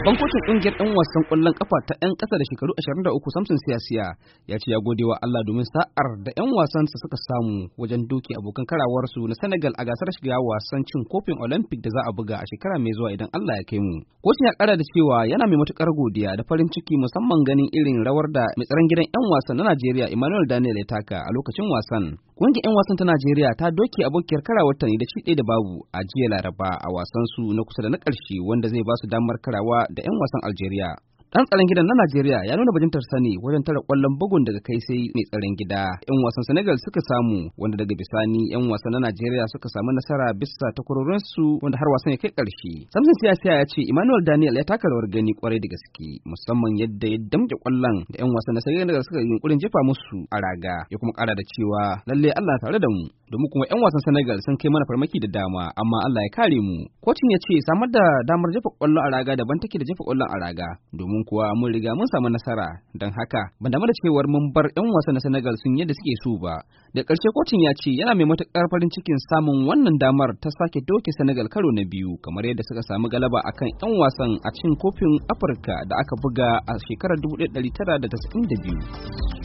Babban kotun ƙungiyar 'yan wasan ƙwallon ƙafa ta 'yan ƙasa da shekaru 23 Samson Siyasiya ya ce ya gode wa Allah domin sa'ar da 'yan wasan wasansa suka samu wajen doke abokan karawarsu na Senegal a gasar shiga wasan cin kofin Olympic da za a buga a shekara mai zuwa idan Allah ya kai mu. Kotun ya ƙara da cewa yana mai matuƙar godiya da farin ciki musamman ganin irin rawar da mai tsaron gidan 'yan wasan na Najeriya Emmanuel Daniel ya taka a lokacin wasan. Kungiyar 'yan wasan ta Najeriya ta doke abokiyar karawar ta ne da ci ɗaya da babu a jiya Laraba a wasan su na kusa da na ƙarshe wanda zai ba su damar karawa da 'yan wasan Algeria. Dan tsaron gidan na Najeriya ya nuna bajintar sani wajen tara kwallon bugun daga kai sai mai tsaron gida. Yan wasan Senegal suka samu wanda daga bisani yan wasan na Najeriya suka samu nasara bisa takwarorin su wanda har wasan ya kai karshe. Samson Siyasiya ya ce Emmanuel Daniel ya taka rawar gani kwarai da gaske musamman yadda ya damke kwallon da yan wasan na Senegal suka yi kurin jefa musu a raga ya kuma kara da cewa lalle Allah tare da mu domin kuma yan wasan Senegal sun kai mana farmaki da dama amma Allah ya kare mu. Kotun ya ce samar da damar jefa kwallo a raga daban take da jefa kwallon a raga domin kuwa mun riga mun samu nasara don haka ban damu da cewar mun bar 'yan wasa na Senegal sun yadda suke so ba. Da ƙarshe kotun ya ce yana mai matuƙar farin cikin samun wannan damar ta sake doke Senegal karo na biyu kamar yadda suka samu galaba akan 'yan wasan a cin kofin Afirka da aka buga a shekarar 1992.